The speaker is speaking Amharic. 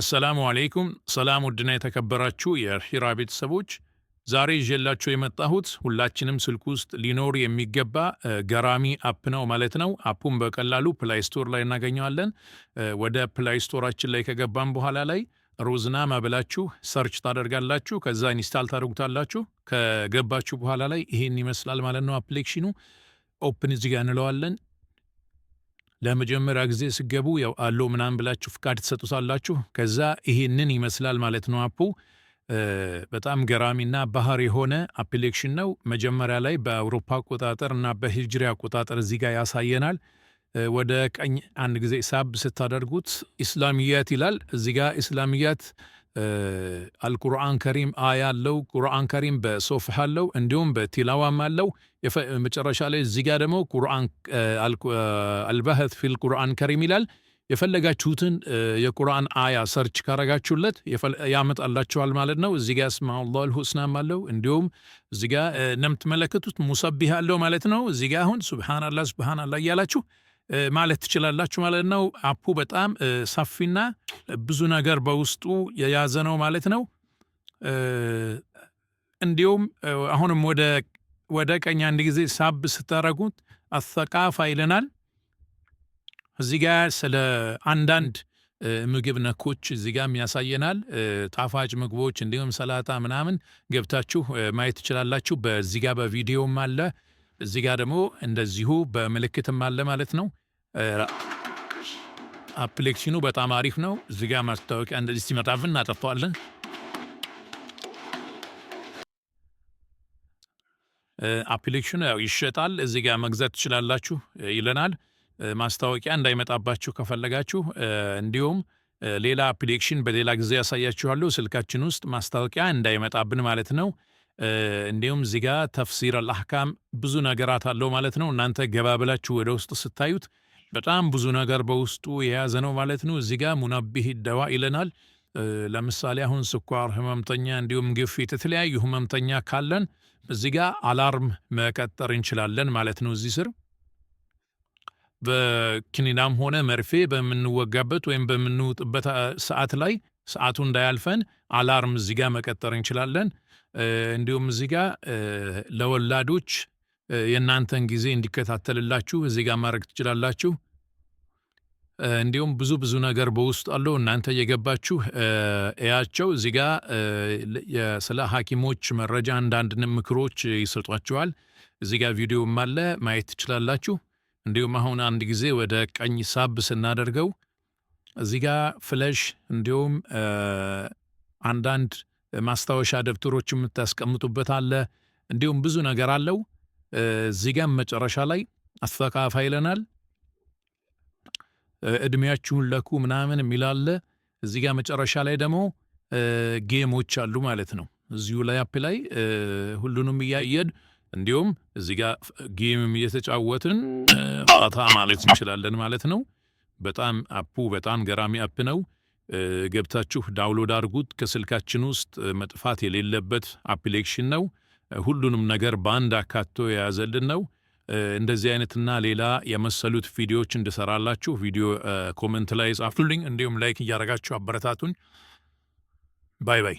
አሰላሙ አሌይኩም ሰላም ውድና የተከበራችሁ የሂራ ቤተሰቦች፣ ዛሬ ይዤላችሁ የመጣሁት ሁላችንም ስልክ ውስጥ ሊኖር የሚገባ ገራሚ አፕ ነው ማለት ነው። አፑን በቀላሉ ፕላይ ስቶር ላይ እናገኘዋለን። ወደ ፕላይስቶራችን ላይ ከገባን በኋላ ላይ ሮዝናማ ብላችሁ ሰርች ታደርጋላችሁ። ከዛ ኢንስታል ታደርጉታላችሁ። ከገባችሁ በኋላ ላይ ይሄን ይመስላል ማለት ነው። አፕሊኬሽኑ ኦፕን እዚጋ እንለዋለን። ለመጀመሪያ ጊዜ ስገቡ ያው አሎ ምናምን ብላችሁ ፍቃድ ትሰጡታላችሁ። ከዛ ይህንን ይመስላል ማለት ነው። አፑ በጣም ገራሚና ባህር የሆነ አፕሊኬሽን ነው። መጀመሪያ ላይ በአውሮፓ አቆጣጠር እና በሂጅሪ አቆጣጠር እዚህ ጋር ያሳየናል። ወደ ቀኝ አንድ ጊዜ ሳብ ስታደርጉት ኢስላሚያት ይላል። እዚህ ጋር ኢስላሚያት አልቁርአን ከሪም አያ አለው። ቁርአን ከሪም በሶፍህ አለው፣ እንዲሁም በቲላዋም አለው። መጨረሻ ላይ እዚህ ጋር ደግሞ አልባህት ፊል ቁርአን ከሪም ይላል። የፈለጋችሁትን የቁርአን አያ ሰርች ካረጋችሁለት ያመጣላችኋል ማለት ነው። እዚህ ጋር ስማ ላሁ አለው። እንዲሁም እዚህ ጋር እንደምትመለከቱት ሙሰቢህ አለው ማለት ነው። እዚህ ጋር አሁን ሱብሃናላ ሱብሃናላ እያላችሁ ማለት ትችላላችሁ ማለት ነው። አፑ በጣም ሰፊና ብዙ ነገር በውስጡ የያዘ ነው ማለት ነው። እንዲሁም አሁንም ወደ ቀኝ አንድ ጊዜ ሳብ ስታረጉት አሰቃፋ ይለናል። እዚህ ጋ ስለ አንዳንድ ምግብ ነኮች እዚህ ጋም ያሳየናል። ጣፋጭ ምግቦች እንዲሁም ሰላጣ ምናምን ገብታችሁ ማየት ትችላላችሁ። በዚህ ጋ በቪዲዮም አለ። እዚህ ጋር ደግሞ እንደዚሁ በምልክትም አለ ማለት ነው። አፕሌክሽኑ በጣም አሪፍ ነው። እዚህ ጋር ማስታወቂያ እንደዚህ ሲመጣብን እናጠፋዋለን። አፕሌክሽኑ ያው ይሸጣል፣ እዚህ ጋር መግዛት ትችላላችሁ ይለናል። ማስታወቂያ እንዳይመጣባችሁ ከፈለጋችሁ እንዲሁም ሌላ አፕሊኬሽን በሌላ ጊዜ ያሳያችኋለሁ። ስልካችን ውስጥ ማስታወቂያ እንዳይመጣብን ማለት ነው። እንዲሁም እዚህ ጋ ተፍሲር አልአሕካም ብዙ ነገራት አለው ማለት ነው። እናንተ ገባ ብላችሁ ወደ ውስጥ ስታዩት በጣም ብዙ ነገር በውስጡ የያዘ ነው ማለት ነው። እዚህ ጋ ሙናቢህ ደዋ ይለናል። ለምሳሌ አሁን ስኳር ህመምተኛ፣ እንዲሁም ግፊት፣ የተለያዩ ህመምተኛ ካለን እዚህ ጋ አላርም መቀጠር እንችላለን ማለት ነው። እዚህ ስር በክኒናም ሆነ መርፌ በምንወጋበት ወይም በምንውጥበት ሰዓት ላይ ሰዓቱ እንዳያልፈን አላርም እዚህ ጋር መቀጠር እንችላለን። እንዲሁም እዚህ ጋር ለወላዶች የእናንተን ጊዜ እንዲከታተልላችሁ እዚህ ጋር ማድረግ ትችላላችሁ። እንዲሁም ብዙ ብዙ ነገር በውስጥ አለው። እናንተ እየገባችሁ እያቸው። እዚህ ጋ ስለ ሐኪሞች መረጃ አንዳንድ ምክሮች ይሰጧችኋል። እዚህ ጋ ቪዲዮም አለ ማየት ትችላላችሁ። እንዲሁም አሁን አንድ ጊዜ ወደ ቀኝ ሳብ ስናደርገው እዚህ ጋ ፍለሽ እንዲሁም አንዳንድ ማስታወሻ ደብተሮች የምታስቀምጡበት አለ። እንዲሁም ብዙ ነገር አለው። እዚህ ጋም መጨረሻ ላይ አስተካፋ ይለናል። እድሜያችሁን ለኩ ምናምን የሚላለ እዚህ ጋ መጨረሻ ላይ ደግሞ ጌሞች አሉ ማለት ነው። እዚሁ ላይ አፕ ላይ ሁሉንም እያየድ እንዲሁም እዚህ ጋ ጌምም እየተጫወትን ፋታ ማለት እንችላለን ማለት ነው። በጣም አፑ በጣም ገራሚ አፕ ነው። ገብታችሁ ዳውንሎድ አድርጉት። ከስልካችን ውስጥ መጥፋት የሌለበት አፕሊኬሽን ነው። ሁሉንም ነገር በአንድ አካቶ የያዘልን ነው። እንደዚህ አይነትና ሌላ የመሰሉት ቪዲዮዎች እንድሰራላችሁ ቪዲዮ ኮመንት ላይ ጻፉልኝ፣ እንዲሁም ላይክ እያደረጋችሁ አበረታቱኝ። ባይ ባይ።